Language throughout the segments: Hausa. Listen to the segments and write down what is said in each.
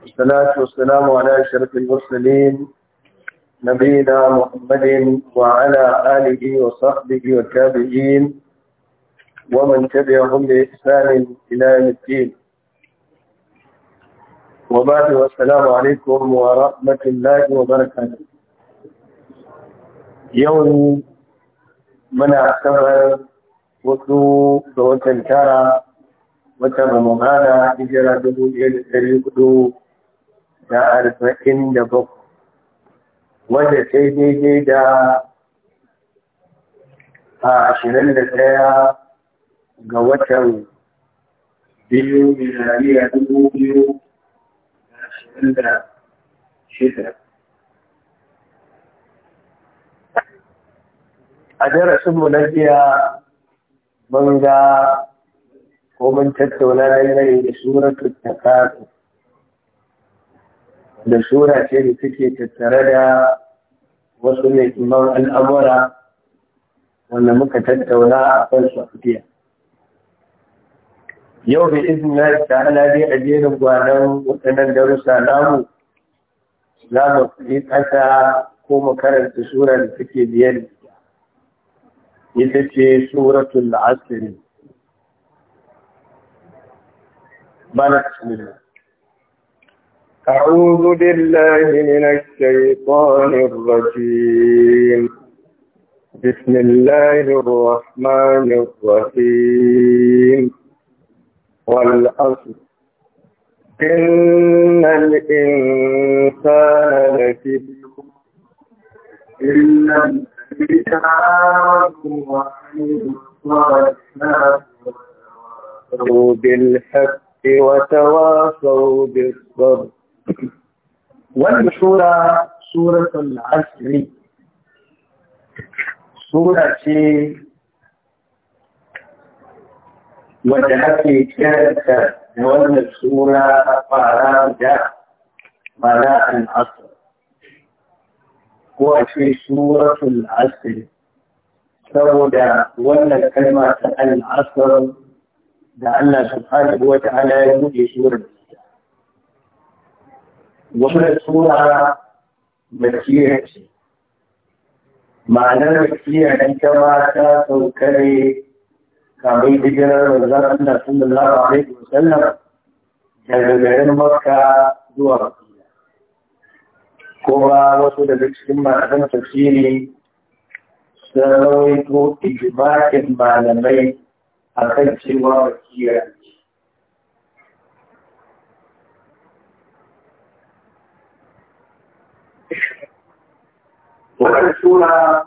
والصلاة والسلام على أشرف المرسلين نبينا محمد وعلى آله وصحبه والتابعين ومن تبعهم بإحسان إلى يوم الدين وبعد والسلام عليكم ورحمة الله وبركاته يوم من أعتبر وثو وتنكارا وتنمهانا إجرى دبو إلى التريق da arba'in da bakwai wadda sai daidai da ashirin da ɗaya ga watan biyu miliyariya dubu biyu da ashirin da shida a darasinmu na jiya mun ko mun tattauna dangane da suratun takasur da sura ce da suke tattare da wasu mai kimar al'amura wanda muka tattauna a kan su Yau da izin ya ta ala dai a jerin gwanon waɗannan darussa namu za mu yi ƙasa ko mu karanta sura da suke biyar ita ce suratul asiri. Bana bismillah. أعوذ بالله من الشيطان الرجيم بسم الله الرحمن الرحيم والأصل إن الإنسان لفي إلا الذين آمنوا وعملوا الصالحات وتواصوا بالحق وتواصوا بالصبر والشورى سورة العسر سورة شيء وجهتي كانت نوال السورة فراجع بلاء العصر وفي سورة العسر سودا ولا كلمة العصر لأن سبحانه وتعالى يوجد سورة wata sura makiyar ce ma'anar makiyar nan ta saukare ta sauka ne kamar hijirar manzon Allah sallallahu alaihi daga garin Makka zuwa Ko ba wasu daga cikin malaman tafsiri sun rawaito ijma'in malamai akan cewa makiyar Wannan sura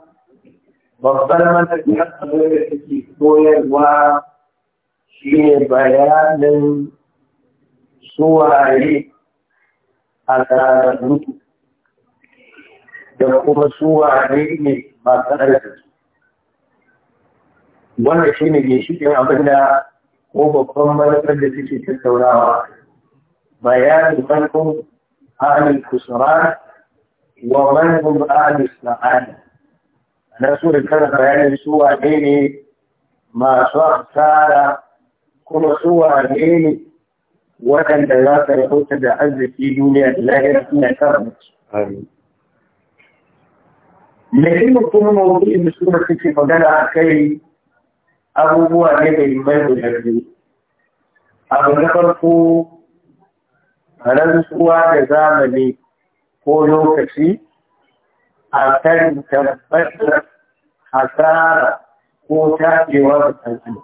babbar matakin abin da take koyarwa shi ne bayanin suwaye a tsararru da kuma suwaye ne ba tsararru. Wannan shi ne ginshikin abin ko babban manufar da take tattaunawa bayanin farkon halin kusurari wa man hum ahli sa'ada ana so da kana su wane ne masu asara kuma su wane ne waɗanda za su rahotar da arziki duniya da lahira suna karanta Muhimmin kuma mawuyin da suna suke magana a kai abubuwa ne da mai da biyu. Abu na farko, suwa da zamani ko lokaci a kan tabbatar hasara ko da ɗan'an.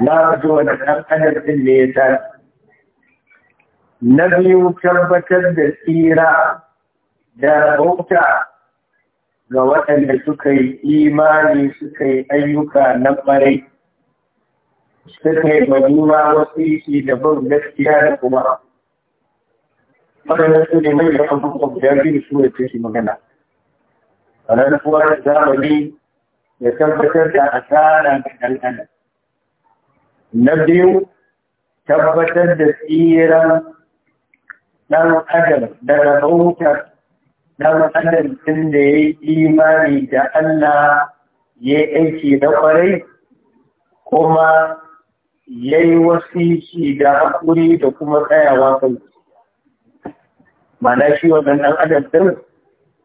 Na zo da ɗanɗanar ɗin ne ya tafi. Na biyu tabbatar da tsira da bauta ga waɗanda suka yi imani suka yi ayyuka na ɓarai. Suka yi majuwa wasu da ban gaskiya da kuma waɗannan su ne mai da abubuwan guda biyu su ne su magana rantsuwar zamani ya tabbatar da asara ga ɗanɗana na biyu tabbatar da tsiran ɗan daga bautar ɗan adam ɗin da ya yi imani da Allah ya yi aiki na ƙwarai kuma ya yi wasici da haƙuri da kuma tsayawa kan mana shi wannan ɗan adam ɗin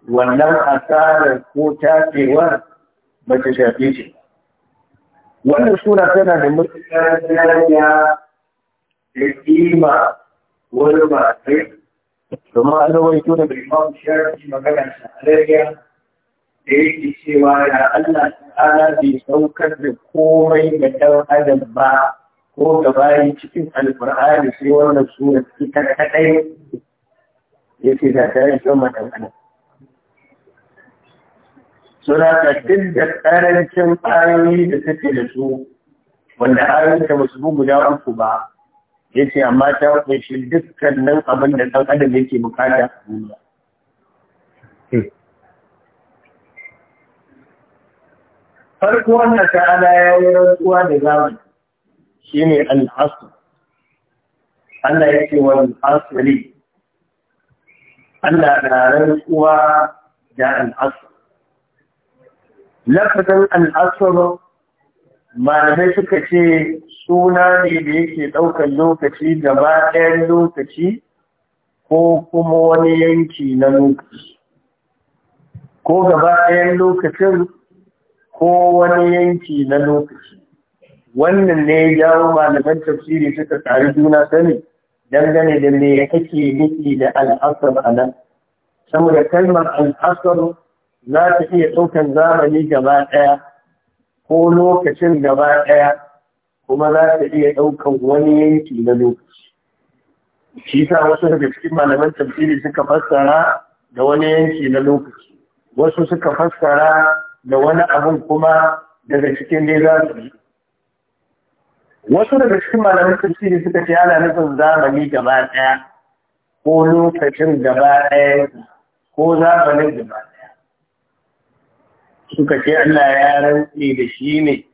wannan asarar ko tacewa ba ta shafe shi wannan suna tana da matuƙar yaya da kima wani masu domin an rawaito da bilman shafi maganar shahararriya da yake cewa ya Allah ta'ala bai saukar da komai ga ɗan adam ba ko ga bayan cikin alfur'ani sai wannan suna ita kaɗai ya ce da ta yi kyau maɗan Suna ka duk da ƙarancin ayoyi da take da su wanda ayoyin ta su bugu guda uku ba ya ce amma ta kunshi dukkanin abin da ɗan adam yake bukata a duniya. Farko wannan ta'ala ya yi rantsuwa da zamani shi ne al'asu. Allah ya ce wani asiri Allah na rantsuwa da al'asar. Lafazin al'asar malamai suka ce suna ne da yake ɗaukar lokaci gaba ɗayan lokaci ko kuma wani yanki na lokaci. Ko gaba ɗayan lokacin ko wani yanki na lokaci. Wannan ne ya jawo malaman tafsiri suka tsari juna sani. dangane da me kake nufi da al'asar a nan saboda kalmar al'asar za ta iya ɗaukar zamani gaba ɗaya ko lokacin gaba ɗaya kuma za ta iya ɗaukar wani yanki na lokaci shi sa wasu daga cikin malaman tafsiri suka fassara da wani yanki na lokaci wasu suka fassara da wani abun kuma daga cikin dai za su wasu daga cikin malamin tafsiri suka ce ana nufin zamani gaba ɗaya ko lokacin gaba ɗaya ko zamanin gaba ɗaya suka ce Allah ya rantse da shi ne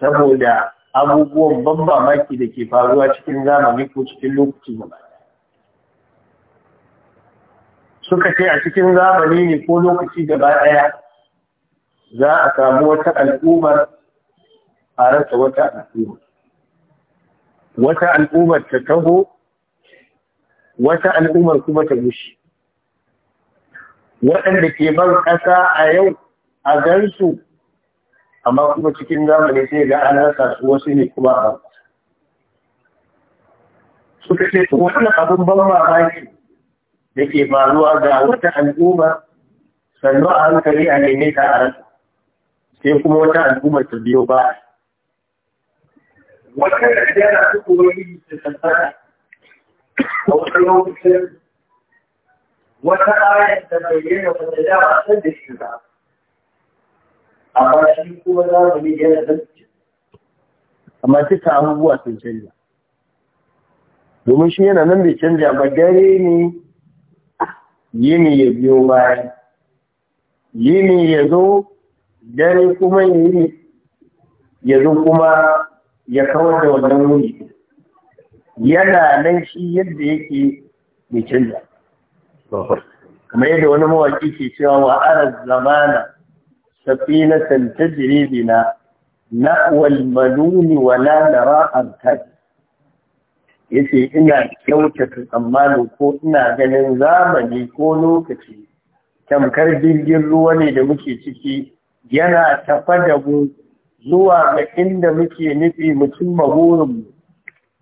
saboda abubuwan ban mamaki da ke faruwa cikin zamani ko cikin lokaci gaba suka ce a cikin zamani ne ko lokaci gaba ɗaya za a samu wata al'ummar a rasa wata al'ummar wata al'ummar ta taho wata al'ummar kuma ta gushi waɗanda ke ban ƙasa a yau a gansu amma kuma cikin zamani sai ga ana rasa su wasu ne kuma a suka ce su wannan abin ban mamaki da ke faruwa ga wata al'umma sannu a hankali a neme ta a rasa sai kuma wata al'ummar ta biyo ba Wata da na su yi da tantara a wani lokacin wata ayar da bayyana wanda da ba san da shi ba amma shi kuma za mu ne yana da amma duka abubuwa sun canja domin shi yana nan bai canja ba dare ne yini ya biyo baya ne ya zo dare kuma yini ya zo kuma ya kawar da wannan wuri, yana nan shi yadda yake mai canza kamar yadda wani mawaki ke cewa wa ara zamana na santa bina na walmaluni wa la nara Ya ce ina kyautata tsammanin ko ina ganin zamani ko lokaci tamkar jirgin ruwa ne da muke ciki yana tafa da mu zuwa ga inda muke nufi mu cimma burinmu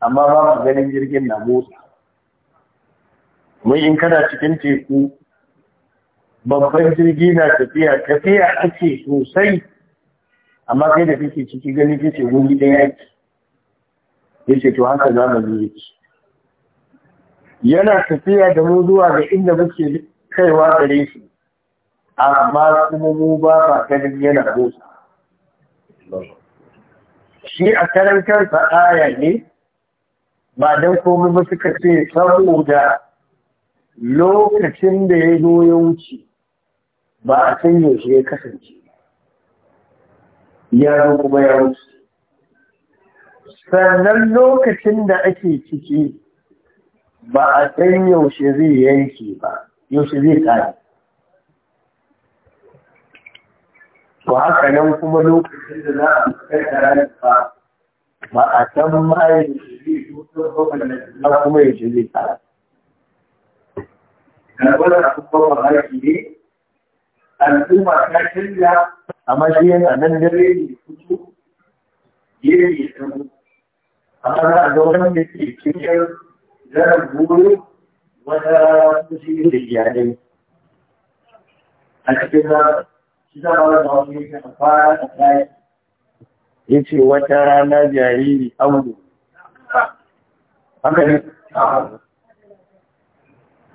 amma ba mu ganin jirgin na motsa mun in kana cikin teku babban jirgi na tafiya tafiya ake sosai amma kai da kake ciki gani kake guri ɗaya Ya yace to haka za zamani yake yana tafiya da mu zuwa ga inda muke kaiwa gare shi amma kuma mu ba ba ganin yana motsa shi a karan kansa aya ne ba don komai ba suka ce saboda lokacin da ya zo ya wuce ba a san yaushe ya kasance ya zo kuma ya wuce sannan lokacin da ake ciki ba a san yaushe zai yanke ba yaushe zai tsari to haka nan kuma lokacin da za a fuskanta ranar ba ba a san ma ya ce zai kuma ya ce zai tsara. Garbar da kuma mamaki ne, al'umma ta canza, amma shi yana nan dare ne fito gefe ya tsaro. A za a ga wannan da ke cikin zarar goro wata musulmi da iyalai a cikin zarar. ya ce wata rana jariri audu haka ne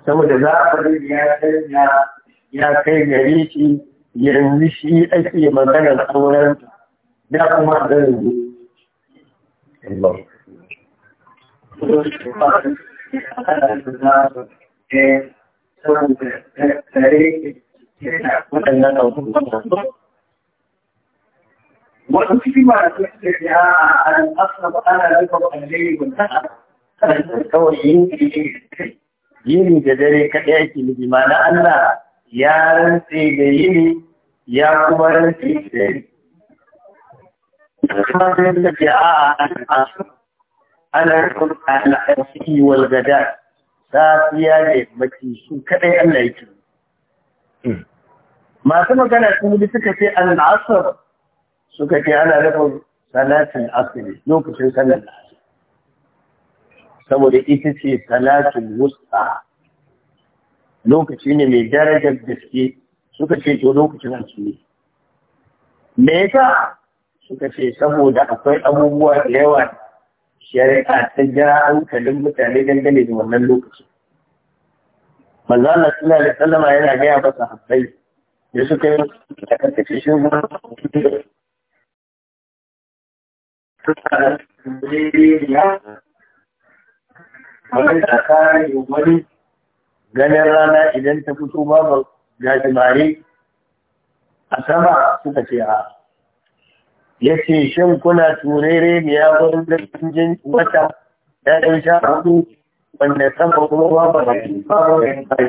saboda za a faɗi ya kai gari shi yanzu shi ake maganar auren da kuma ɗan Thank you. waɗannan abubuwan wasu cikin ba da suke ya an asna ba ana rufe kwalle wannan kawai yini da dare kaɗai ake nufi ma na Allah ya rantse da yini ya kuma rantse da yini. Kuma sai da ke a an asu ana rufe kwalle a ciki walgada safiya da yammaci shi kaɗai Allah yake. masu magana sun yi suka ce an asar suka ce ana nufin salatin asiri lokacin sallar asiri saboda ita ce salatin wusta lokaci ne mai darajar gaske suka ce to lokacin asiri me yasa suka ce saboda akwai abubuwa da yawa shari'a ta jira hankalin mutane dangane da wannan lokacin manzo suna da alaihi yana gaya masa habbai da suka yi da karkace shi ma suka ya wani ganin rana idan ta fito babu gajimare a sama suka ce a ya ce shin kuna turere ne ya wurin da jin wata ya ɗan sha hudu wanda sama kuma babu babu da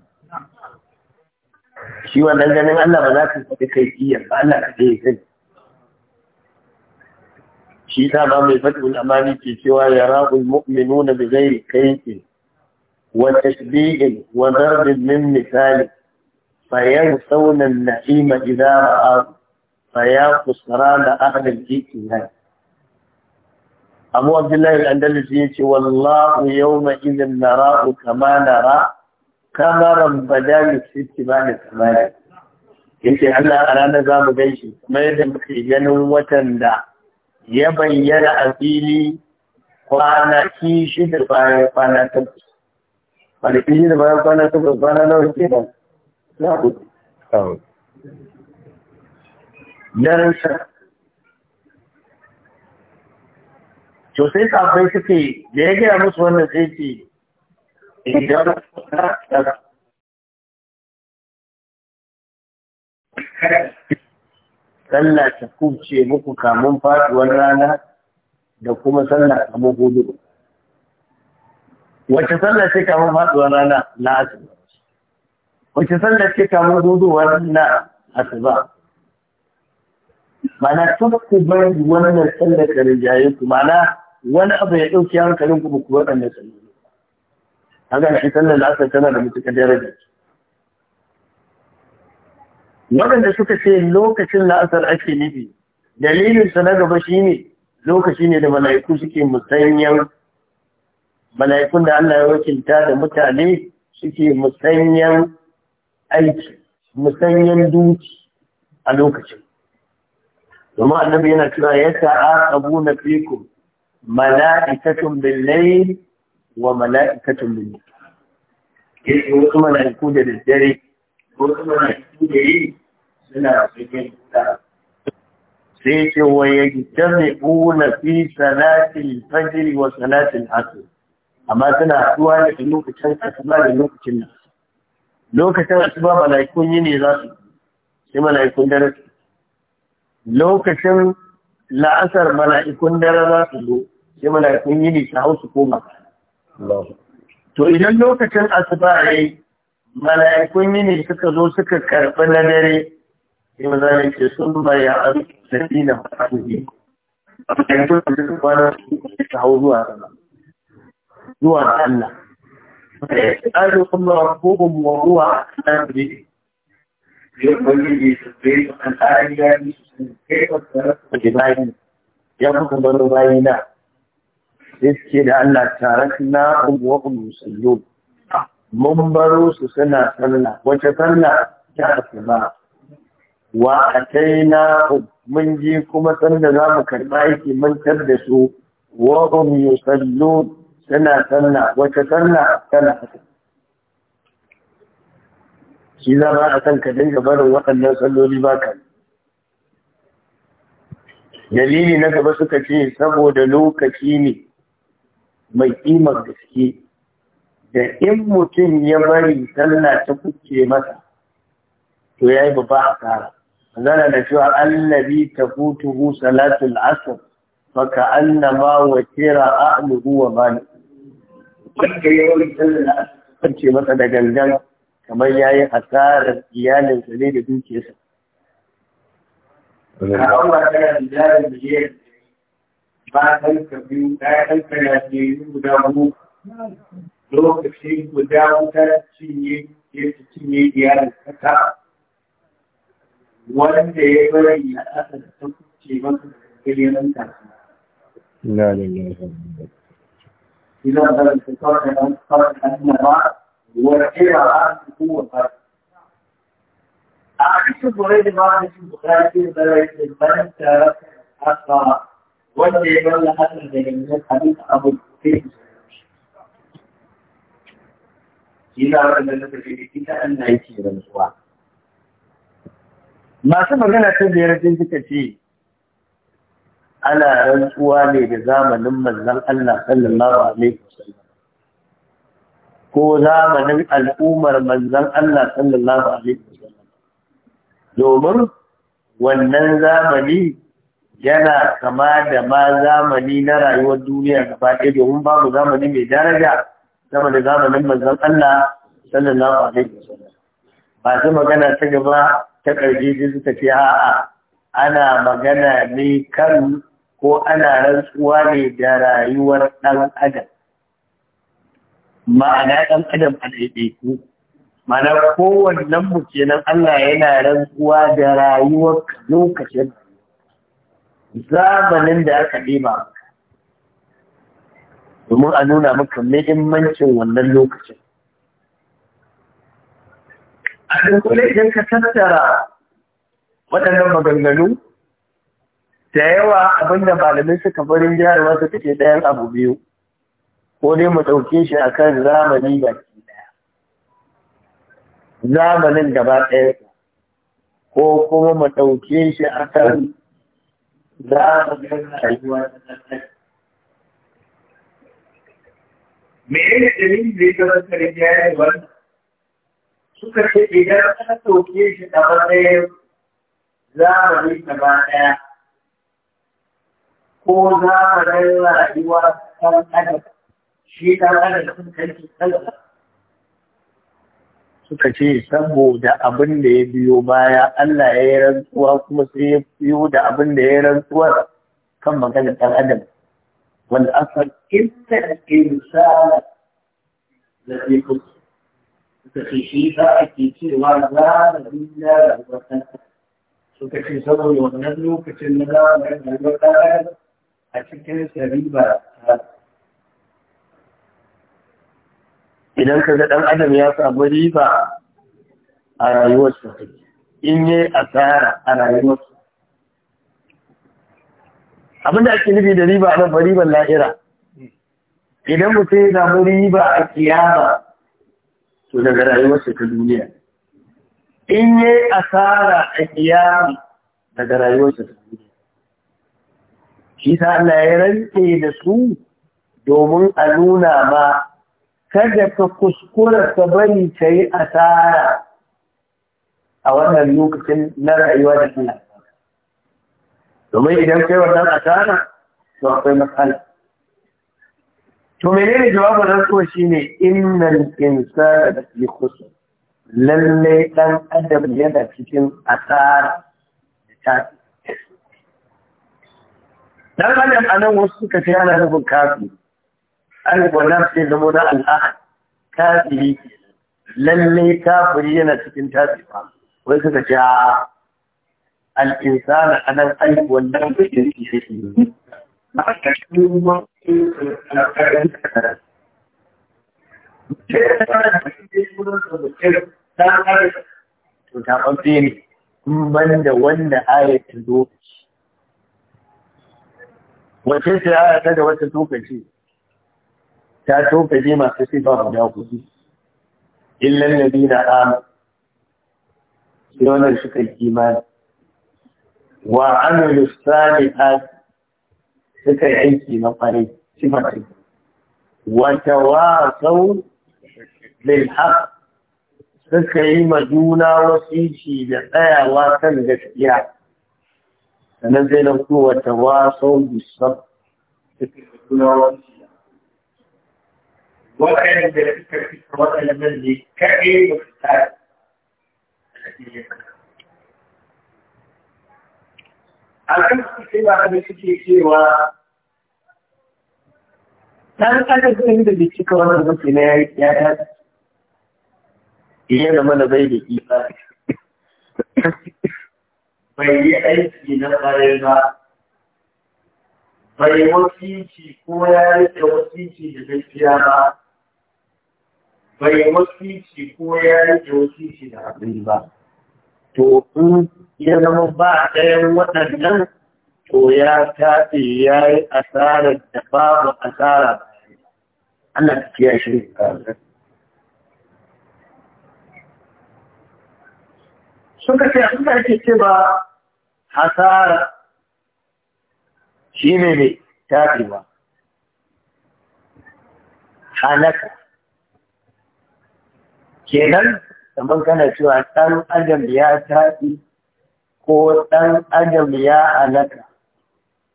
shi wannan ganin Allah ba za ka faɗi kai iya ba Allah ka je kai shi ta ba mai fatul amani ke cewa ya ra'ul mu'minuna bi ghairi kayfin wa tashbihin wa darbin min misali فينسون النعيم إذا da فيا خسران أهل الإيمان أبو عبد yace الأندلسي والله يومئذ نراه كما نرى kamaran badali su ba da kamari yake Allah a ranar za mu gaishe kamar yadda muke ganin watan da ya bayyana a fili kwanaki shida bayan kwana takwas kwanaki shida bayan kwana takwas kwana nawa ke nan na hudu daransa to sai kafin suke da ya gaya musu wannan sai ce sallah ta kuce muku kamun faruwar rana da kuma sallah kamun hudu. Wace sallah ce kamun faruwar rana na asuba? Wace sallah ce kamun huduwar na asuba? Mana tun ku bari wannan sallah ka rinjaye ku mana wani abu ya ɗauki hankalin ku ku waɗanda sallah. kaga shi sallar la'asar tana da mutuƙar daraja waɗanda suka ce lokacin la'asar ake nufi dalilin sa na gaba shine lokaci ne da mala'iku suke musanyan mala'ikun da Allah ya wakilta da mutane suke musanyan aiki musanyan duki a lokacin domin annabi yana cewa ya abu na fikum mala'ikatun bil wa mala'ikatun bil yake wasu mala'iku da daddare wasu mala'iku da yi suna cikin ta sai ce wa yajtami'una fi salatil fajr wa salatil asr amma suna haɗuwa ne da lokacin asuba da lokacin nan lokacin asuba mala'ikun yi ne za su sai mala'ikun dare lokacin la'asar mala'ikun dare za su zo sai mala'ikun yi ne su hau su koma to idan lokacin asuba yi mala'ikun yini suka zo suka karɓi na dare yau za a ce sun bayan a zafi na fasuhi a yankin da suka kwana ta hau zuwa zuwa Allah ƙarin kuma rabbobin ruwa a nan ne ya kwalli su bai su tsari ya yi su kai wasu rasu da ya kuka baro bayi na sai suke da Allah tarakna wa hum yusallun mun baro su suna sallah wace sallah ta asuba wa ataina mun ji kuma sanda za mu karɓa aiki mun tar da su wa hum yusallun suna sallah wace sallah tana asuba shi za ba a san ka dinga barin waɗannan salloli ba ka dalili na gaba suka ce saboda lokaci ne mai ƙimar gaske da in mutum ya bari sallah ta kuke masa to ya yi babba a kara zana da cewa allabi ta hu salatul asr faka annama wa kira ahluhu wa ne. wanda ya wani sallah kuce masa da gangan kamar ya yi hasarar iyalinsa ne da dukiyarsa. wata yana da jarin miliyan bayan kabiru ɗayan karatu guda mu lokaci guda wuta cinye ya ci cinye iyalin kasa wanda ya bari a ƙasa da ta kuce masa kilinan kasuwa. Ina da lafiya. Ina da lafiya kawai da an fara hannun ba وكيرا عن قوة فرد أعيش بريد ما عيش بخاتي بلايك البنت تارك أخا wanda ya galla hakan da yanzu abin abu sai ina wanda na tafi da ita an na yake rantsuwa masu magana ta biyar sun suka ce ana rantsuwa ne da zamanin manzon Allah sallallahu alaihi wasallam ko zamanin al'ummar manzon Allah sallallahu alaihi wasallam domin wannan zamani yana kama da ma zamani na rayuwar duniya gaba ɗaya domin babu zamani mai daraja sama da zamanin manzon Allah sallallahu alaihi wasallam masu magana ta gaba ta karje ji suka ce a'a ana magana ne kan ko ana rantsuwa ne da rayuwar ɗan adam ma'ana ɗan adam a ɗaiɗaiku ma'ana kowannen mu kenan Allah yana rantsuwa da rayuwar lokacin zamanin da aka nema domin a nuna maka muhimmancin wannan lokacin a dunkule idan ka tattara waɗannan maganganu da yawa abinda malamai suka farin jihar suka ce ɗayan abu biyu ko dai mu ɗauke shi a kan zamani baki ɗaya zamanin gaba ɗaya ko kuma mu ɗauke shi a kan za mu ga rayuwa ta tsarki menene dalilin da ya gabata da ya yi wannan suka ce idan aka sauke shi a matsayin zamani ɗaya ko zamanin rayuwa ɗan adam shi ɗan adam suka ce saboda abin da ya biyo baya Allah ya yi rantsuwa kuma sai ya biyo da abin da ya yi rantsuwa kan maganar ɗan adam wanda asal insan insana da zai kusa suka ce shi za a ke cewa za a duniya da albarkar suka ce saboda wannan lokacin na za a albarkar a cikin sariba ta idan ka ga ɗan adam ya samu riba a rayuwarsa in yi asara a rayuwarsa abin da ake nufi da riba a babbar riban la'ira idan mutum ya samu riba a kiyama to daga rayuwarsa ta duniya in yi asara a kiyama daga rayuwarsa ta duniya shi sa Allah ya rantse da su domin a nuna ma kada ka kuskura ka bari ta yi asara a wannan lokacin na rayuwa da suna domin idan kai wannan asara to akwai matsala to menene jawabin shi shine innan insa da fi kusa lalle dan adam yana cikin asara da tafi dan adam anan wasu suka ce ana nufin kafin al-munaf zama na al'ahad kafiri lalle kafiri yana cikin tafifa wai suka ce al-insana anan ai wannan cikin shi to ta ɓamfe ne in ban da wanda ayat zo wace ce ayat ta da wata lokaci ta toka ne masu sifa guda kuɗi illan ladina amanu sai wannan suka yi imani wa amilu salihat suka yi aiki na kwarai sifa ce wa tawasau bil haqq suka yi ma juna wasici da tsayawa kan gaskiya sannan zai na kowace wasan bisab suka yi juna wasici Waɗannan da suka fi waɗannan ne kaɗai da su tare a kan su sai ba da suke cewa ɗan ƙasar zai da jiki kawai wani mafi na ya ya iya da mana bai da ƙifa bai yi aiki na ƙwarai ba bai wasici ko ya rike wasici da gaskiya ba bai wakilci ko ya yi wasu shi da abin ba. To, in ya zama ba ɗaya waɗannan, to ya tafi ya yi asarar da babu asara. Ana ta kiyaye shi Suka ce, abin da ake ce ba hasara shi ne ne tafi ba. Hanaka. kenan kamar kana cewa ɗan adam ya taɗi ko ɗan adam ya alaka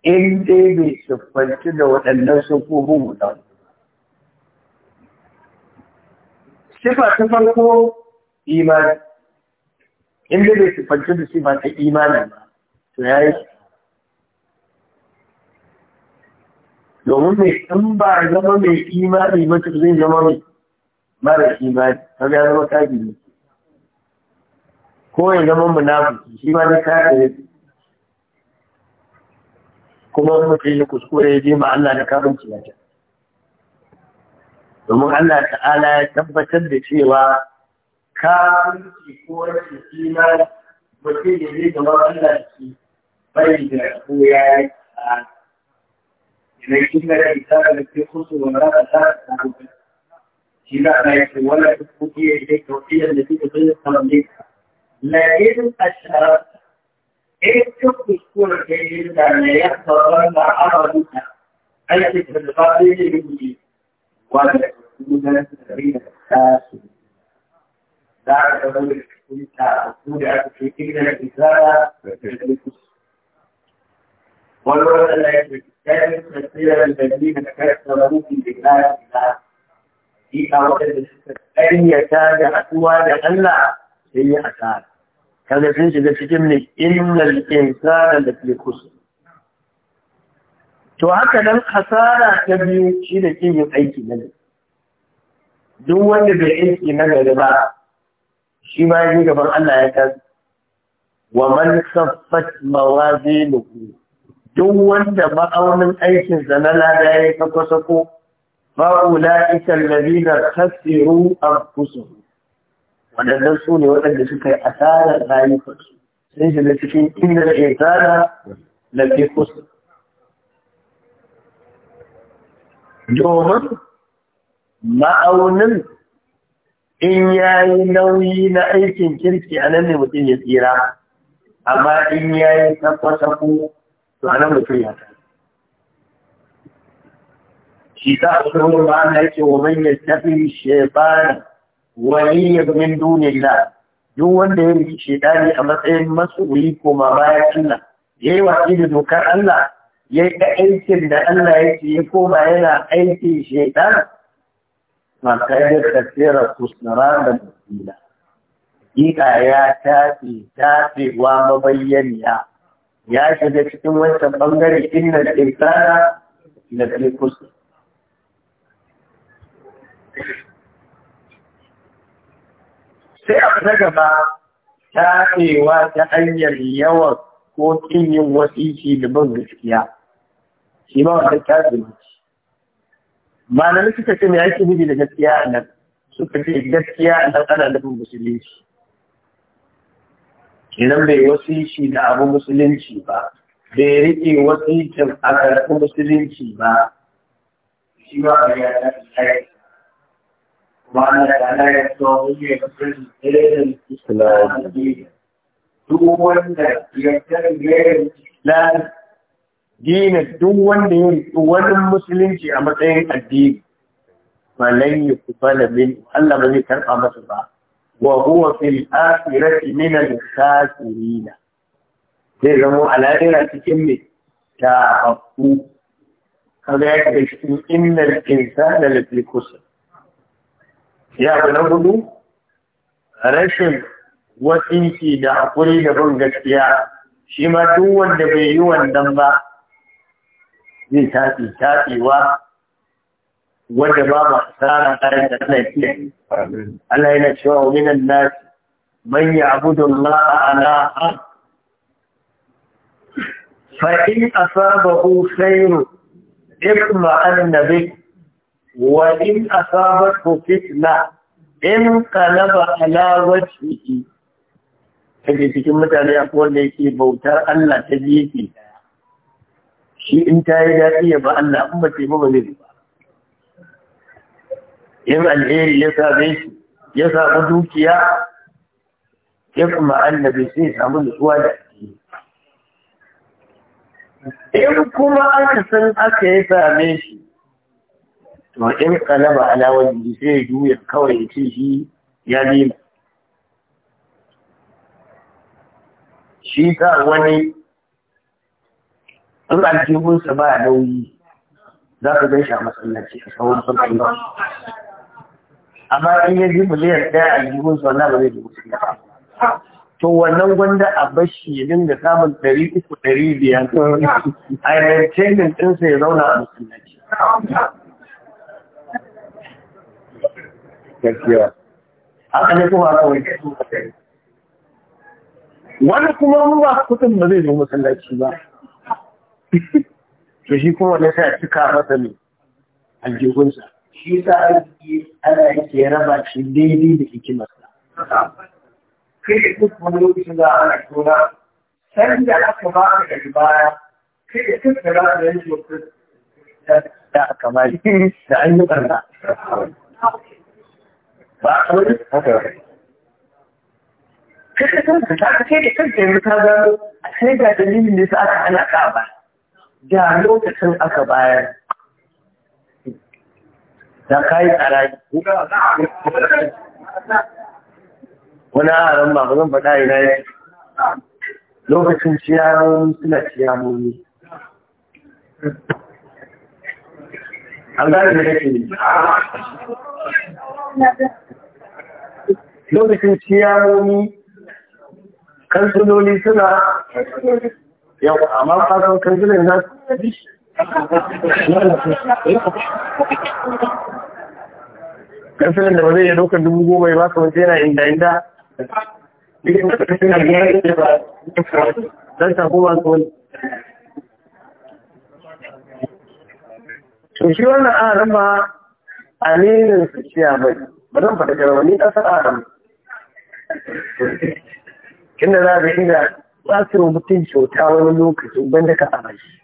in dai bai siffanci da waɗannan sufofin guda sifa ta farko imani in dai bai siffanci da sifa ta imani ba to ya yi domin mai ɗan ba zama mai imani mutum zai zama mai mara imani ta ya zama kafiri ko ya zama munafiki shi ma na kafiri kuma mutum ya kuskure ya je ma Allah na kafinci ya domin Allah ta'ala ya tabbatar da cewa kafinci ko shi imani mutum ya je gaba Allah da shi bai da ko ya yi a idan kin da isa da ke kusurwa na raka ta da ان لا هناك ولا تفوتية في روحية التي تغير ان لكن هناك إيه شوف الصورة الجيدة اللي يحصل مع عربنا أي في الغالي يجب ان يكون سبيل الحاسد بعد هناك كنت أتبع في كل الإسلام يجب أن يكون الثالث هناك الذين كسروا في بلاد ا hakika waɗanda suka ƙaryata da haɗuwa da Allah sai yi asara. Kaga sun shiga cikin ne innal insana da fi kusa. To haka nan hasara ta biyu shi da ƙin yin aiki na gari. Duk wanda bai aiki na gari ba shi ma yi gaban Allah ya kasu. Wa man saffat mawazinuhu duk wanda ma'aunin aikinsa na lada ya kafa sako فأولئك kasiru a أنفسهم waɗannan su ne waɗanda suka yi asarar rayukansu sun da cikin inda da tsara da ke kusa. Domin ma'aunin in ya yi nauyi na aikin kirki a nan ne mutum ya tsira, amma in ya yi tafasafu, to a mutum ya tsira. shi ta asirin ma'ana yake wa manyan tafi shebara wani ya min duniya duk wanda ya riki shedani a matsayin masoyi ko ma bayan Allah ya yi watsi da dokar Allah ya yi aikin da Allah ya ce ya koma yana aikin shedan masu yadda tafiyar kusnara da musila Hakika ya tafi wa mabayyaniya ya shiga cikin wancan bangare inna insana na fi kusur sai a ta gaba taɗewa ta hanyar yawan ko ƙin yin wasiki da ban gaskiya shi ba wanda ta zumunci nufi ta ce mai ake nufi da gaskiya a nan suka ce gaskiya a nan ana nufin musulunci idan bai wasiki da abu musulunci ba bai riƙe wasikin a karɓi musulunci ba shi a ya ta dina duk wanda ya riƙi wani musulunci a matsayin addini falan yi kubala min Allah ba zai karɓa masa ba wa huwa fil akhirati min al khasirin zai zama al'adira cikin ne ta haƙu kaga ya cikin innal insana lafi kusur ya abu na hudu rashin wasinci da hakuri da bin gaskiya shi ma duk wanda bai yi wannan ba zai tafi tafiwa wanda babu tsara tsarin da lafiya Allah yana cewa wa minan nas man ya'budu Allah ala fa in asabahu khairu ibma annabi وإن أصابته فتنة انقلب على وجهه kaje cikin mutane a wanda yake bautar Allah ta gefe shi in ta yi daɗi ya ba Allah in ba ce ba ba zai ba in alheri ya same shi ya samu dukiya ya kuma bai sai samu nutsuwa da in kuma aka san aka ya same shi to in kalaba ala wajhi sai ya juya kawai ya ce shi ya bi shi ta wani in sa ba nauyi za ka gan shi a masallaci a tsawon sun ba amma in ya ji miliyan ɗaya sa na ba zai ji mutum ba to wannan gwanda a bashi ya dinga samun ɗari uku ɗari biyar mm. a yantainin ɗinsa ya zauna a masallaci gaskiya haka ne kuma aka wanke su wani kuma mu ba kudin ba zai zo masallaci ba to shi kuma wani sai cika masa ne aljihunsa shi sa arziki ana yake raba shi daidai da hikimarsa kai da duk wani lokacin da ana tona san da aka ba ka daga baya kai da duk da za ka yi da aka ba da an yi ƙarfa ba a wani haka kai da kanka ta kai da kanka yanzu ka gano a sai ga dalilin da sa aka hana ka ba da lokacin aka bayar da ka yi tsara wani aron ba zan faɗa ina yi lokacin ciyawoyi suna ciyawoyi an gane da nake yi. lokacin ciyamomi kansuloli suna yau amma fatan kansulin na da ba zai iya lokacin dubu goma ya baka wata yana inda inda don sako ba wani shi wannan arama a nenin su ciya ba zan faɗa jarawa ni ƙasar arama tunda za ka inda ba su mutum kyauta wani lokaci da ka a shi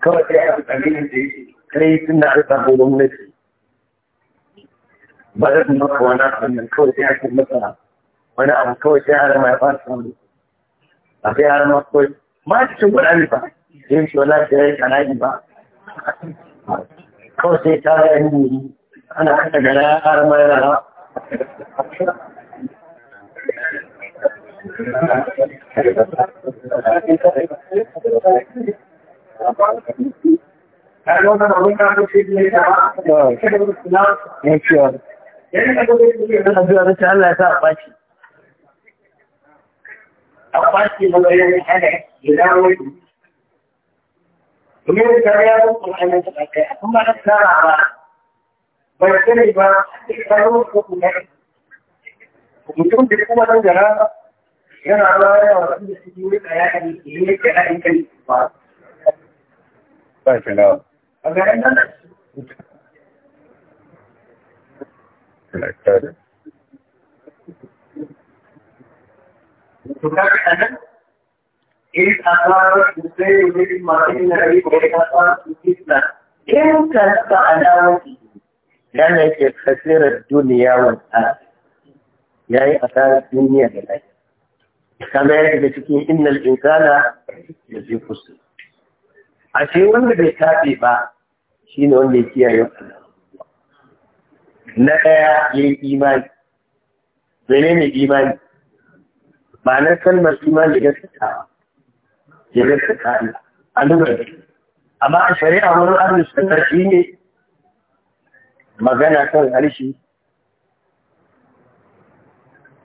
kawai sai a tsarin da kai tun da a samu gwamnati ba za su maka wani abin kawai sai ake masa wani abu kawai sai harama ya fara samu a sai harama kawai ba ta cin gudani ba yin shi wala ta yi kanani ba kawai sai ta yi wuri ana kasa gara ya ƙara ya sa ana taɓa a kuma na tsara ba bai sani ba tsaro ko kuma mutum da kuma nan gara yana raya wa wanda su yi rika ya kan yi ne ke haɗin kai ba bai fina a garin nan Tukar kanan, is da sai yi mafi nari ko kasa su fitna, yana yake kasirar duniya wata ya yi asarar duniya da lafiya kama yake da cikin innal insana da zai kusa. a ce wanda bai taɓe ba shine wanda ya kiyaye na ɗaya ya yi imani mene ne imani ba na kalmar imani da gaskata da gaskata Allah a lura amma a shari'a wani arziki shi ne magana kan harshe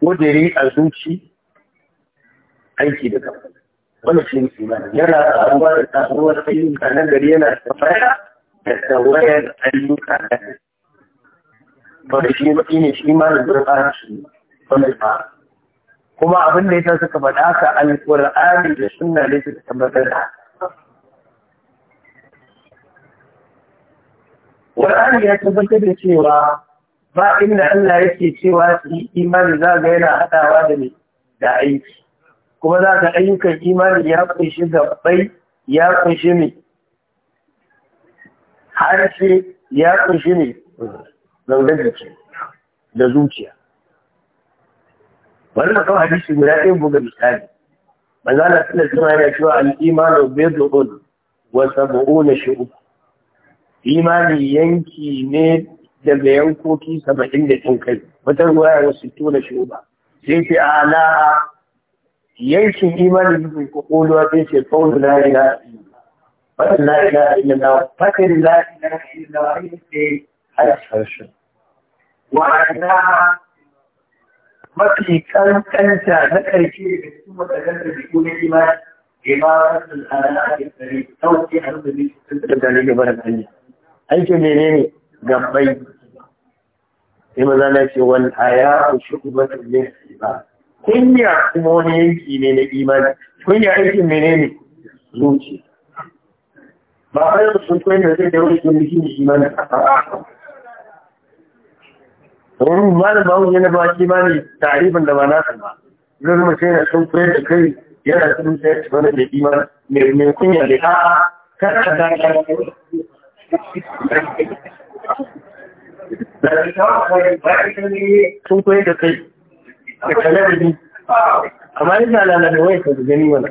ƙudiri a zuci aiki da kafa wani shi imanin yana faruwa da taruwar ayyuka kanan gari yana tafaya da tawayar ayyuka na gari wanda shi ne shi imanin zurfara shi wani ba kuma abin da ya suka faɗa ka alƙur'ani da suna ne suka tabbatar da Qur'ani ya tabbatar da cewa ba inda Allah yake cewa su yi imani za ga yana haɗawa da ne da aiki. Kuma za ka ayyukan imani ya kunshi gabbai ya kunshi ne harshe ya kunshi ne gangan jiki da zuciya. Wani makon hadisi guda ɗaya buga misali. Manzana suna suna yana cewa al'imanu bai wasa wa shi uku. imani yanki ne daga yankoki saba'in da ɗin kai wata ya wasu tona shi ba sai ce a ala yankin imani da ko kokoluwa sai ce kawai la ila fatan la ila na fatan na ila illa sai wa na mafi kankanta na ƙarshe da cikin matsalar da na kuma imani imanar da ala da tsari sauke a rubutu da dalilin aikin menene gabbai sai maza na ce wal haya shubatu min ba. kunya kuma wani yanki ne na imani kunya aikin menene zuci ba a yau sun da zai da wani kuma shi ne wani malam ba wani yana ba shi imani tarifin da ba su ba zai zama sai na sun kai da kai yana sun sai da imani mai kunya da a'a ka sun koyar da kai da kalabari amma ina lalata wai ka gani mana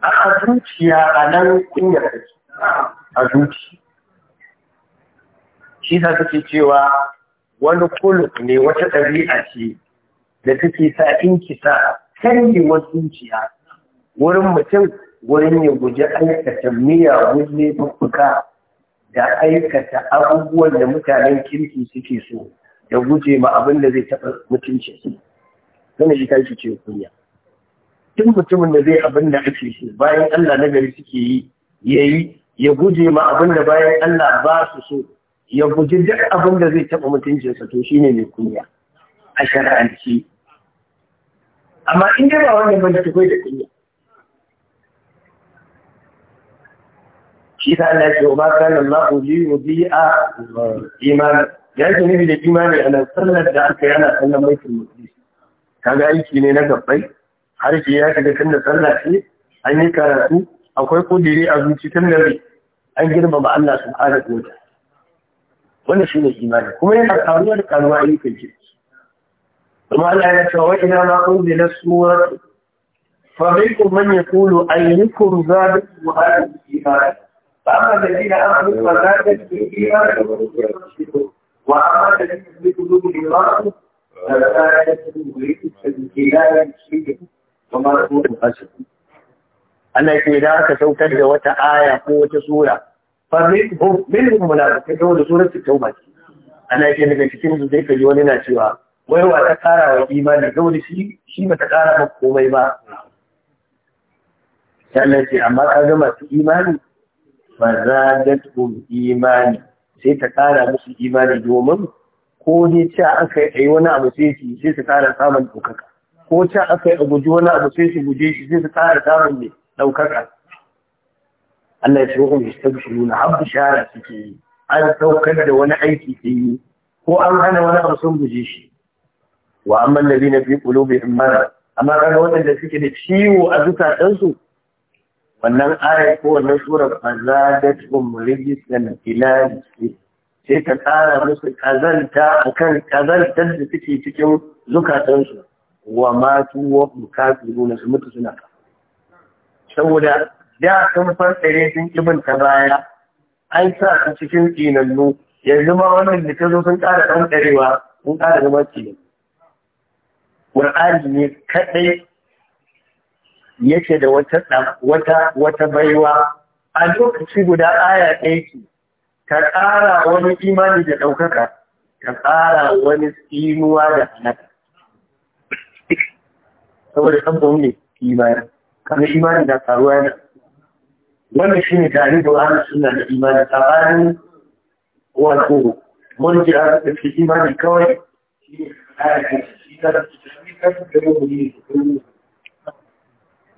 a zuciya a nan kunya a zuci shi ta take cewa wani kulu ne wata ɗabi'a ce da take sa in kisa canjewar zuciya wurin mutum wurin ya guji aikata miyagun laifuffuka da aikata abubuwan da mutanen kirki suke so ya guje ma abin da zai taɓa mutunci su zama shi kai ce kunya tun mutumin da zai abin da ake so bayan Allah na gari suke yi ya yi ya guje ma abin da bayan Allah ba su so ya guji duk abin da zai taɓa su to shine mai kunya a shara'anci amma in dai ba wannan bane da kunya shi ta Allah ce ba ka nan ma'u li yubi a imani ya ce nufi da imani a nan sallar da aka yana sallar mai musulmi ga aiki ne na gabbai harshe ya shiga tun da sallah ce an yi karatu akwai kudiri a zuci tun da mai an girmama Allah su wa ta'ala wannan shine imani kuma yana karuwa da karuwa ayyukan kirki kuma Allah ya ce wa ina ma unzila surat fa minkum man yaqulu ayyukum zadu wa hadhihi imani فأما الذين آمنوا فلا تجدوا إيمانهم وأما الذين في قلوبهم مرض فلا ce idan aka saukar da wata aya ko wata sura faminhum minhum munafiqun saboda surar tauba ce ana ce daga cikin su zai kaji wani na cewa wai wa ta kara wa imani saboda shi shi ba ta kara ba komai ba Allah ce amma ka ga masu imani fazadatkum imani sai ta ƙara musu imani domin ko dai ce aka yi wani abu sai shi sai ta ƙara samun ɗaukaka ko ce aka yi a guji wani abu sai su guje shi sai ta ƙara samun mai ɗaukaka Allah ya ce wa'un ya tabi shi nuna har bishara suke yi an saukar da wani aiki sai yi ko an hana wani abu sun guje shi wa amma na fi qulubihim marad amma kaga waɗanda suke da ciwo a zukatansu wannan ayar ko wannan surar azadat umrijisan ila sai ka ƙara musu ƙazanta akan ƙazantar da suke cikin zukatansu wa matu wa kafiru su mutu suna saboda da sun fassare sun kibin ta baya an sa su cikin tsinannu yanzu ma wannan da ta zo sun ƙara ɗan ɗarewa sun ƙara zama tsinan Qur'ani ne kaɗai yake da wata baiwa a lokaci guda aya ɗaya ce ta ƙara wani imani da ɗaukaka ta ƙara wani tsinuwa da halaka saboda sabon ne imani kamar imani da faruwa yana wanda shi ne tare da wani suna da imani tsakanin wato mun ji a da ke imani kawai shi ne a da shi da shi da shi da shi da shi da shi da shi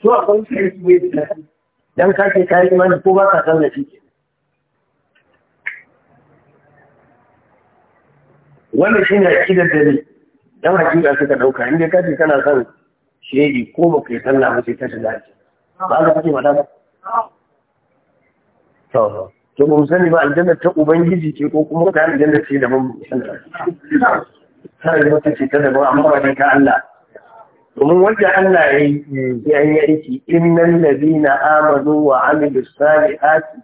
Su a kan su yi wai da dan ka ka yi imani ko ba ka san da shi Wanda shi ne aƙidar da ne dan hakika suka ɗauka in dai ka ce kana son shedi ko ba kai sallah ba sai ta shiga ce ba za ka ce mata ba to to mun sani ba aljanna ta ubangiji ce ko kuma ka aljanna ce da mun san ta sai wata ce ta daban amma ba ka Allah domin wanda Allah ya yi ya yi innal ladina amanu wa amilus salihati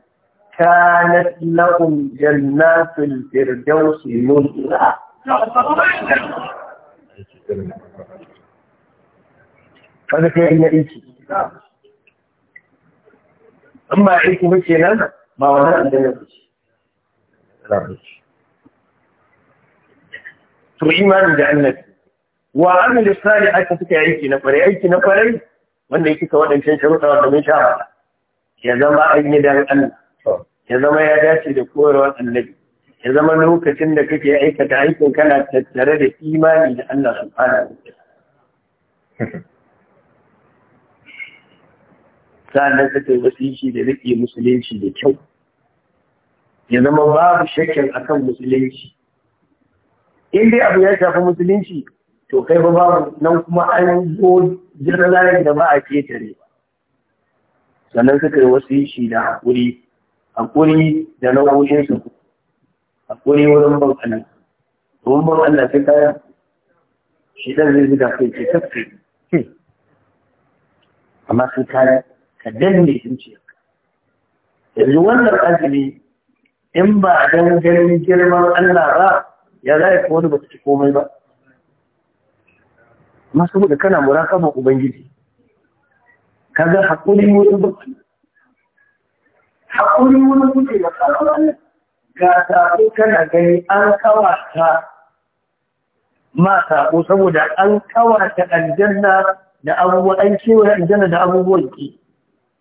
kanat lahum jannatul firdaus nuzula kada kai yi aiki amma aiki ba ce nan ba wannan aljanna ba ce to imanin da annabi wa amilu aka suka yi aiki na kwarai aiki na kwarai wanda yake ka waɗancan sharuɗa wanda mun sha ya zama an yi dan Allah ya zama ya dace da koyarwar annabi ya zama lokacin da kake aikata aikin kana tattare da imani da Allah subhanahu sa'annan ka kai wasiki da rike musulunci da kyau ya zama babu shakkin akan musulunci in dai abu ya shafi musulunci to kai ba babu nan kuma an zo jirgin da ba a ketare sannan suka yi wasu shi da haƙuri haƙuri da nau'o'in su haƙuri wurin ban Allah wurin ban Allah sai kaya shi ɗan zai zuga kai ce tafi amma sai kaya ka danne zuciyarka yanzu wannan azumi in ba dan ganin girman Allah ba ya zai wani ba su ci komai ba amma saboda kana murakaba ubangiji kaga hakuri wurin bacci hakuri wurin kuce da tsaron ga sako kana gani an kawata ma sako saboda an kawata aljanna da abubuwa an kewaye aljanna da abubuwan ki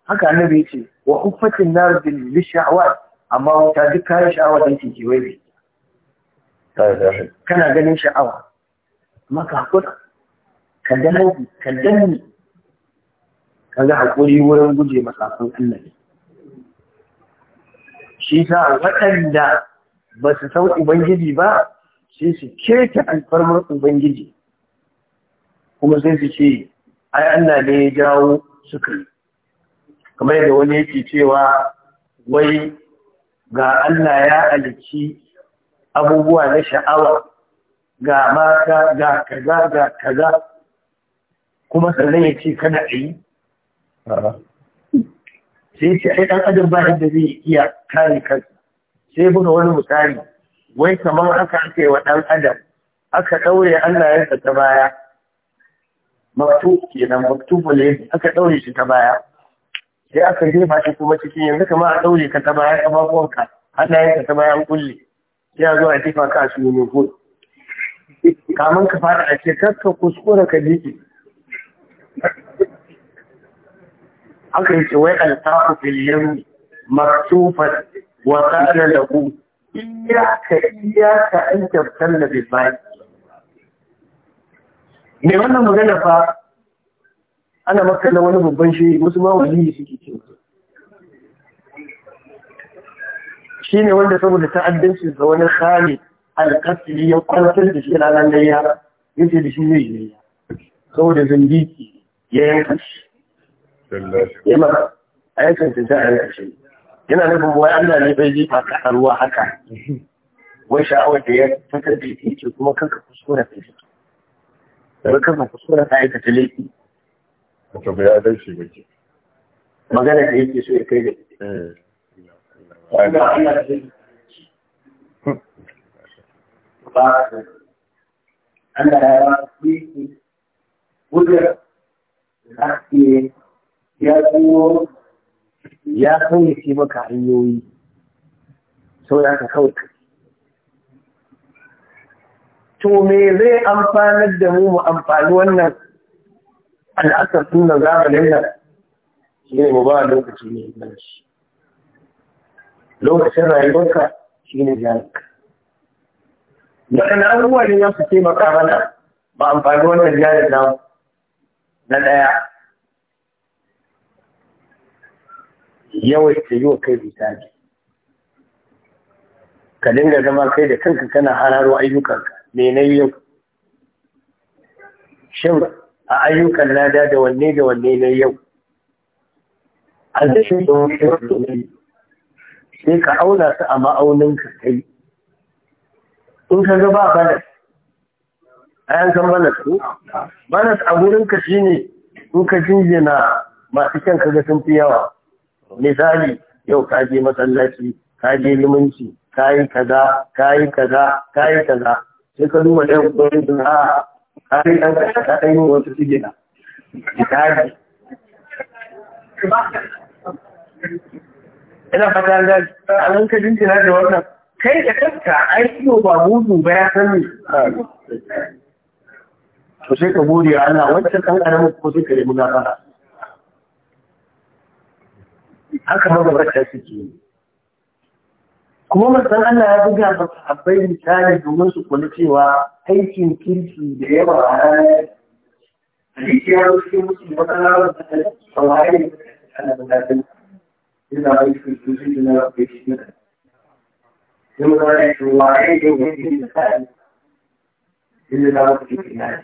haka annabi ce wa uffatin nar bil lishawa amma wuta duk kayan sha'awa don ki kewaye kana ganin sha'awa maka hakuri ka gani ka ka ga haƙuri wurin guje masafin Allah ne shi sa waɗanda ba su san Ubangiji ba sai su keke alfarmar Ubangiji kuma sai su ce ai Allah ne ya jawo suka yi kamar yadda wani yake cewa wai ga Allah ya alici abubuwa na sha'awa ga mata ga kaza ga kaza kuma sannan ya ce kada a yi sai ce ai ɗan adam ba da zai iya kare kansa sai buga wani misali wai kamar aka ake wa ɗan adam aka ɗaure Allah ya ta baya maktub kenan maktubul ne aka ɗaure shi ta baya sai aka jefa shi kuma cikin yanzu kamar a ɗaure ka ta baya ka Allah ya ta baya an kulle sai a zo a jefa ka a su ne kamun ka fara a ce kakka kuskura ka jiki aka yi wai alfa'a filin maktufan wa kana iyaka iyaka an tabtanna bil baki me wannan magana fa ana makalla wani babban shi wasu ma waliyi suke ce shi ne wanda saboda ta'addanci sa wani khali alƙasiri ya kwantar da shi ranar da ya yace da shi zai yi saboda zindiki ya yanka shi yana a yankin ta a yanka shi yana nufin wai Allah ne bai jefa ka ruwa haka wai sha'awar da ya fitar da ita kuma kanka kuskura ta fito daga kanka kuskura ta aikata laifi mutum bai adalci ba ke magana da yake so ya kai da ita eh. Allah ya fi wuce ya tsoro ya sauye maka hanyoyi sau da ka kawai to me zai amfanar da mu mu amfani wannan al'asar suna zamanin nan shi ne mu ba lokaci ne shi lokacin rayuwarka shi ne jami'a da ɗan abubuwa ne za su taimaka mana ba amfani wannan jami'a namu na ɗaya yawaita yi wa kai bisani ka dinga zama kai da kanka kana hararo ayyukanka me na yau shin a ayyukan lada da wanne da wanne na yau an da shi da wani sai ka auna su a ma'auninka kai in ka ga ba da ayan san banas? ko balas a gurin ka shine in ka jinjina masu kyan kaga sun fi yawa misali yau ka je masallaci ka je limanci ka yi kaza ka yi kaza ka yi kaza sai ka duba ɗan kwarin sun a ka yi ɗan ka ɗan yi wasu sigina misali ina fata da an ka jinjina da wannan kai da kanka ai ba gudu ba ya sani to sai ka gode Allah wancan kan karamin kuma sai ka nemi gafara haka magabata suke yi kuma mutum Allah ya buga ba abai misali domin su kula cewa aikin kirki da yawa a ranar hadisi ya rufe musu matsalar da ta saurari da ana da dadin ina ba su su su da na rafe shi da yau da ya ce wa ya yi da wani da ta yi ina ba su ke kinari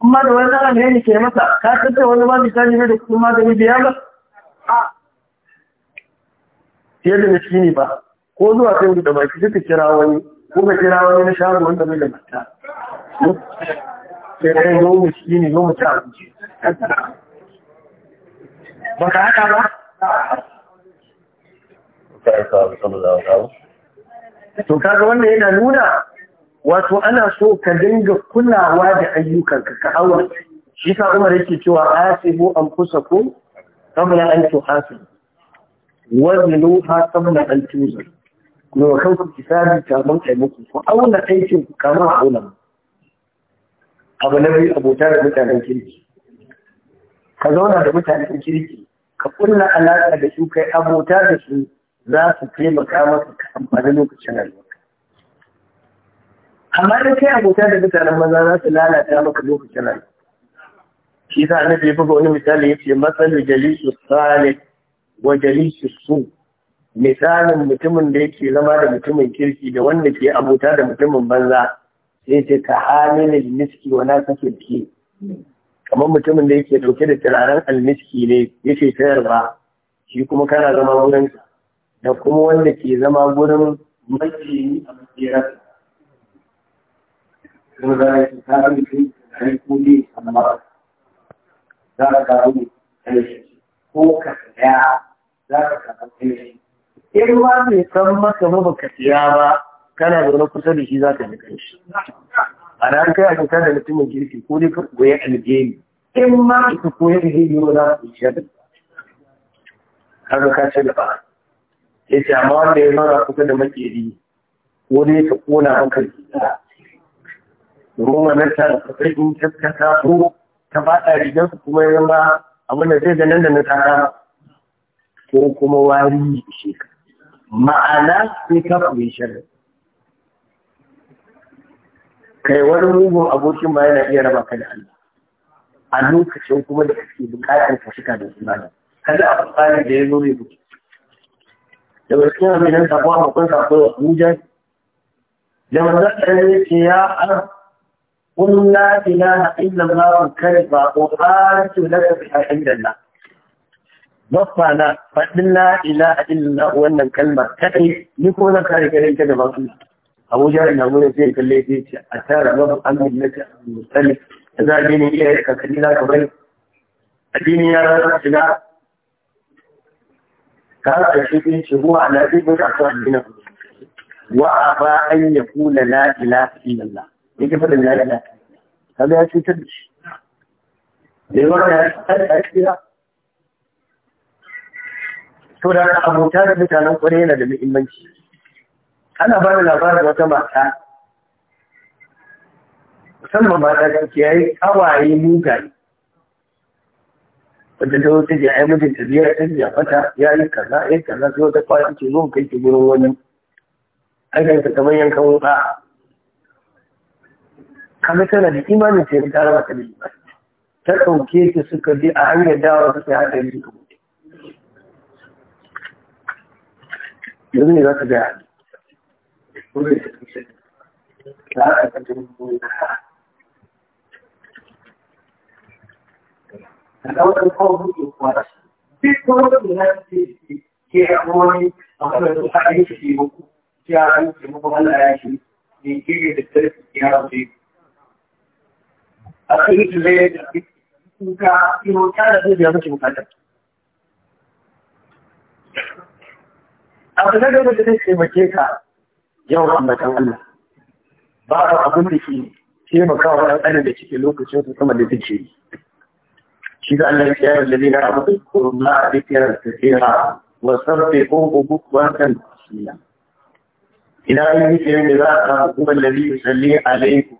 kuma da wani alheri ke masa ka tattara wani ba misali ne da kuma magani biya ba a fiye da miskini ba ko zuwa kan da baki suka kira wani ko ka kira wani na shago wanda bai da mata sai kai zo miskini zo mu ci abinci ba ka haka ba to kaga wannan yana nuna wato ana so ka dinga kulawa da ayyukanka ka hawa shi sa Umar yake cewa asibu ce qabla an tuhasabu wani ha qabla an tuzanu ne wa kanku kisabi kamun kai muku ku auna aikin ku kamar auna abu na biyu abota da mutanen kirki ka zauna da mutanen kirki ka kulla alaƙa da su kai abota da su za su taimaka maka ka amfani lokacin rayuwa amma da kai abota da mutanen maza za su lalata maka lokacin nan shi sa na ya buga wani misali ya ce matsalin jalisu salih wa jalisu su misalin mutumin da yake zama da mutumin kirki da wanda ke abota da mutumin banza sai ce ta halin miski wa nasa kirki kamar mutumin da yake dauke da turaren almiski ne ya yake sayarwa shi kuma kana zama wurin da kuma wanda ke zama gurin maciyi a makirarsa وذلك كان في الكل المرض ذلك ko ka هو Za ka هو kai? in ba bai san maka ba baka siya ba kana zaune kusa da shi za ka nika shi a ran kai a cuta da mutumin kirki ko dai ka koya aljeri in ma ka koya aljeri ba za ka yi shi. kaga ka ce da ba ya ce amma wanda ya zauna kusa da makeri ko dai ka kona maka jiki domin wannan ta sai in iska ta so ta faɗa rigar su kuma ya ma abin da zai ganin da na tara ko kuma wari shi ma'ana sai ka fi shirin kai wani mugun abokin ba yana iya raba ka da Allah a lokacin kuma da kake bukatar ka shiga da imani kada a tsari da ya zo mai buki da wasu yana mai nan sakon akwai sakon Abuja da manzan ɗaya ne ce ya an قل لا إله إلا الله كلمة أحاج لك بها عند الله بصنا فإن لا إله إلا الله وأن الكلمة تقي يكون كارك لك بها أبو جهل نقول لك اللي فيك أثار الله أمر لك المختلف إذا ديني إليك إيه كلمة كبير أديني يا رجل قال الشيخ هو على ذي بدعة وأبى أن يقول لا إله إلا الله ya ki faɗin ya gada kaga ya cutar da shi da yawa ya cutar da shi to da abota da mutanen kwarai yana da muhimmanci ana ba da labarin wata mata musamman mata kan ki yayi kawaye mugaye wanda ta wuce ya yi mijin ta biyar ta biya fata ya yi kaza ya yi kaza sai wata kwaya ce zo kai ki gurin wani aikin ta kamar yankan wuka kaga tana da imanin ta yarda raba ta da imani ta ɗauke ta suka je a hanyar dawa ta sai a suka mutu yanzu ne za ka gaya ne ta ka da ɗaukar kawai wani ke a da ta ya shi ne da a kai su ka zai biya mace bukatar. Abu na gaba da zai taimake ka yau matan Allah. Ba a abin da ke taimakawa wa da cike lokacin su sama da suke yi. Shi da Allah ya yi lalai na abu na tafiya ko gugu Ina yi da za a samu kuma lalai a laifin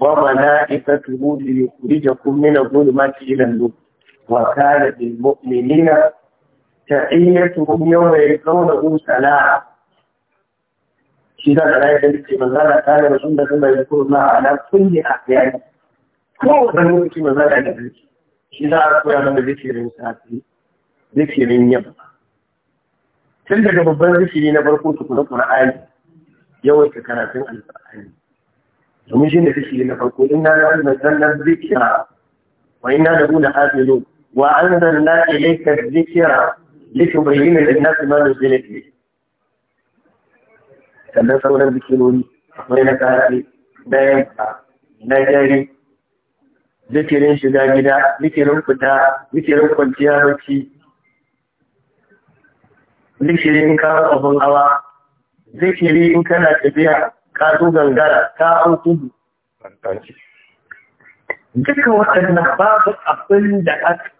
wabana ma na isa tuwo da ya kudi da kun mina gobe maka gidan duka, wa kare me nina? Ta ina shi kun yiwa mai tsaunawa, sana'a. Shi za a gada in yi rikici ba, za a da suka da kurun nawa? Na kunyi a siyasa, kowa ka na yin rikicin ba za a gada Shi za a koya nuna rikirin yabba. Tun daga babban zikiri na barkon ta kula Alƙawar ta karatun al domin shi ne shi na farko ina na sannan zikira wa ina inna lahu lahafizu wa an anzalna ilayka zikira da na nasi ma nuzila ilayhi sannan sauran zikirori akwai na kafi na yanka na jari zikirin shiga gida zikirin fita zikirin kwanciya bacci zikirin kawo abin hawa zikiri in kana tafiya ka gangara ta an kudu duka ba babu abin da aka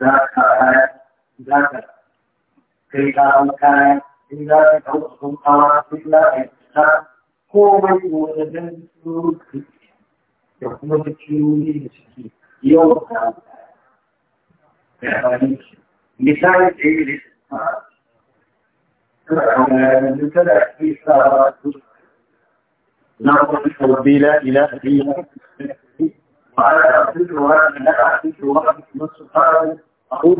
za ka za ka kai karan kaya in za ka ɗauka sun aikata ko wani da kuma da da suke yau da misali da yi da أقول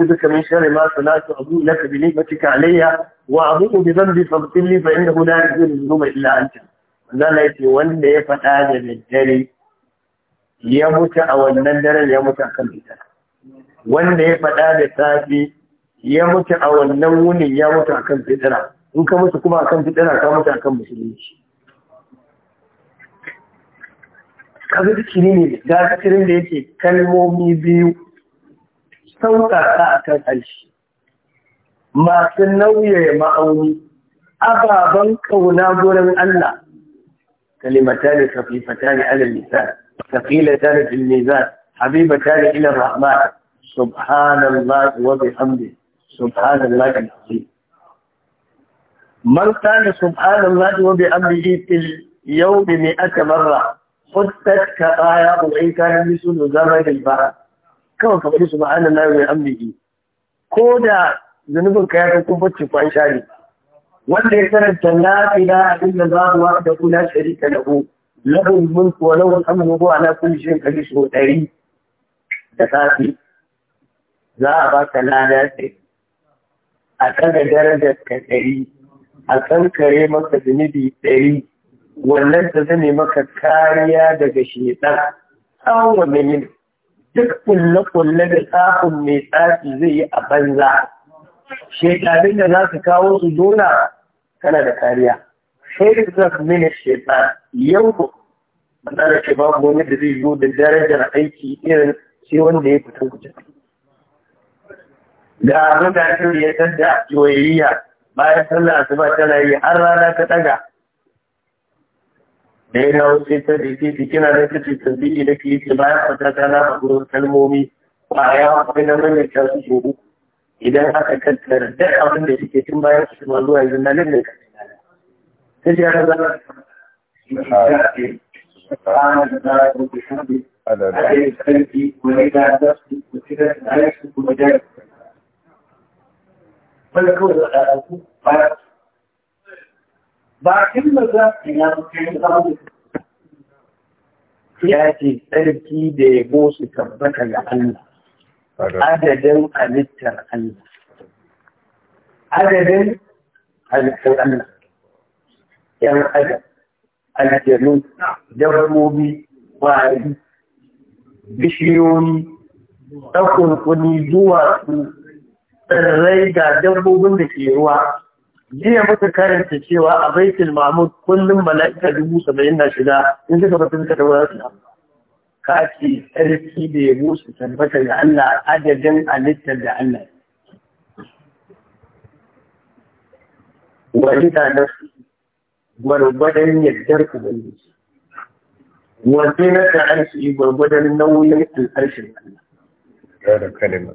بك من شر ما صنعت أقول لك بنعمتك علي وأقول بذنبي فاغفر لي فإنه لا يغفر الذنوب إلا أنت. ظلت ولا يفتح هذا الجري يموت أو النندر يموت خميسا. ولا يفتح هذا الثابي يموت أو النون يموت خميسا. in ka musu kuma akan fitar ka kamata akan musulunci kaga zikiri ne da yake kalmomi biyu sauƙaƙa akan alshi masu nauye ma'auni ababen ƙauna gurin Allah kalimatan khafifatan ala lisan thaqilatan fil mizan habibatan ila rahman Subhanallah wa bihamdihi subhanallah al-azim من قال سبحان الله وبأمره في اليوم مئة مرة حدثت كطايا وإن كان مثل زمن البحر كما فقل سبحان الله وبأمره كودا ذنوب كان كبت فان شاري wanda ya karanta la ilaha illa Allah wahdahu la sharika lahu lahu al-mulku wa lahu al-hamdu wa ala kulli shay'in qadir so da safi za a baka lada a kan darajar ka dari a kankare maka zunubi ɗari wannan ta zame maka kariya daga shaidan tsawon wannan duk kulle-kulle da tsafin mai tsafi zai yi a banza shekarun da za su kawo su dona kana da kariya shaidu za su mini shaidan yau da ce babu wani da zai zo da darajar aiki irin sai wanda ya fita wuce ga abin da ya sanda yoyayya bayan sallar asuba tana yi har rana ta daga dai na wuce ta dace ta kina da ta ce da ke ce bayan fata ta na faɗo kalmomi ba ya akwai na mai ta su shi idan aka tattara da abin da suke tun bayan su ma zuwa yanzu na lalle ka ta ce ya zama أدري bala kawai da ɗaɗaku ba a kin da za yi ya kai zama ya ce tsarki da ya go su tabbata ga Allah adadin halittar Allah adadin halittar Allah yan adam aljanu dabbobi kwari bishiyoyi ɗakurkuni duwatsu tsirrai ga dabbobin da ke ruwa jiya muka karanta cewa a baitul mahmud kullum mala'ika dubu saba'in na shiga in suka fata suka da wani ka ce tsarki da ya busu tabbata da Allah adadin alittar da Allah wani ta nasu gwargwadon yardar ubangiji Wani na ta arshi gwargwadon nauyin al'arshin Allah.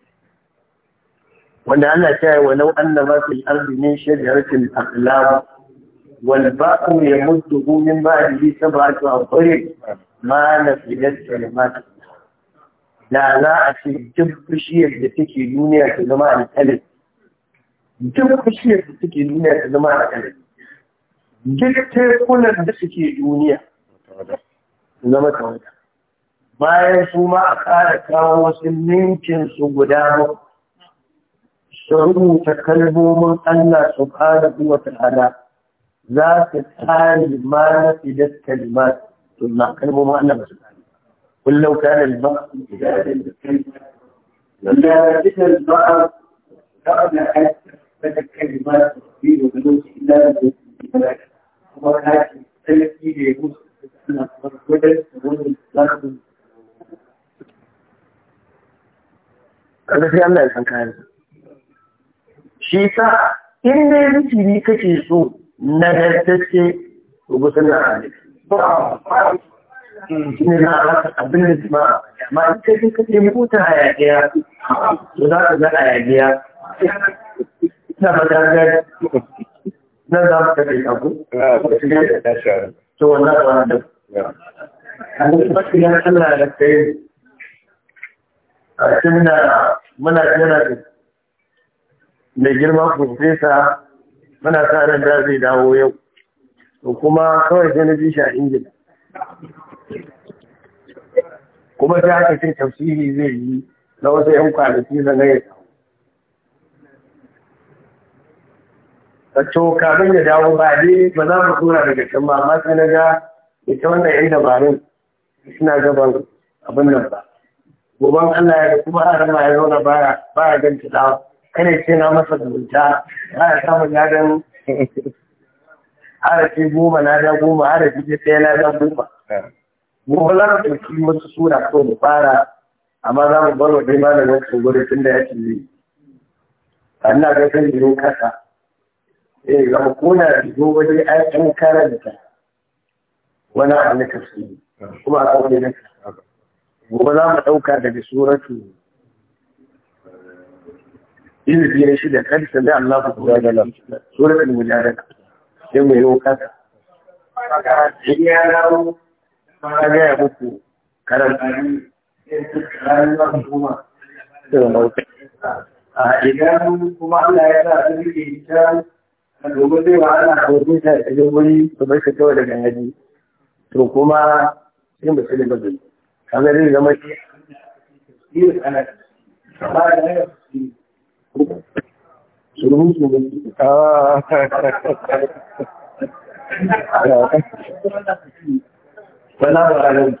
wanda ana ta wa law anna ma fil ardi min shajaratin aqlam wal ba'u yamuddu min ba'dihi sab'atu abhur ma nafidat kalimat la za a ce duk bishiyar da take duniya ta zama alƙalin duk bishiyar da take duniya ta zama alƙalin duk tekunan da suke duniya zama tawada bayan su ma a ƙara kawo wasu ninkin su guda bakwai شعوره تكلمه من الله سبحانه وتعالى ذات الحال ما نفدت كلمات ثم كلمه ما أنا قل لو كان البعض إذا لم يتكلم إذا لم يتكلم كلمات في الله shi sa in dai zikiri kake so na dantacce rubutu na shi ne za a rasa abin da jima'a ma in kai kake mutu hayaƙiya to za ka ga hayaƙiya na madagar nan za mu kaɗe abu ah, to wannan ba da Allah da kai a cikin muna yana da mai girma profesa muna sa ran da zai dawo yau to kuma kawai sai na ji shi a ingila kuma ta haka ce tafsiri zai yi na wasu yan kwanaki zan ta to kafin ya dawo ba dai ba za mu tura daga can ba amma sai na ga ita wannan yan dabarun suna gaban abin nan ba goban Allah ya kuma harama ya zauna ba ya ganta dawa kana ce na masa zumunta ana samun ladan harafi goma na da goma harafi ce sai na da goma gobe za mu ɗauki wasu sura ko mu fara amma za mu bar wa dai malamin su gudu tun da ya ce zai ana ga kan jiro kasa eh ga mu kona jiro wajen ayyukan karanta wani abu na tafsiri kuma a kawai na gobe za mu ɗauka daga suratu izifi na shida kan sami Allah ku kura da nan surat al-mujadala sai mu yi wuka in ya dawo ka ga ya muku karanta a idan kuma Allah ya sa su domin sai wa ana ta bai ka daga yaji to kuma sai mu sai da bazai kamar zai zama shi ana ba Surun su ne. Wala wala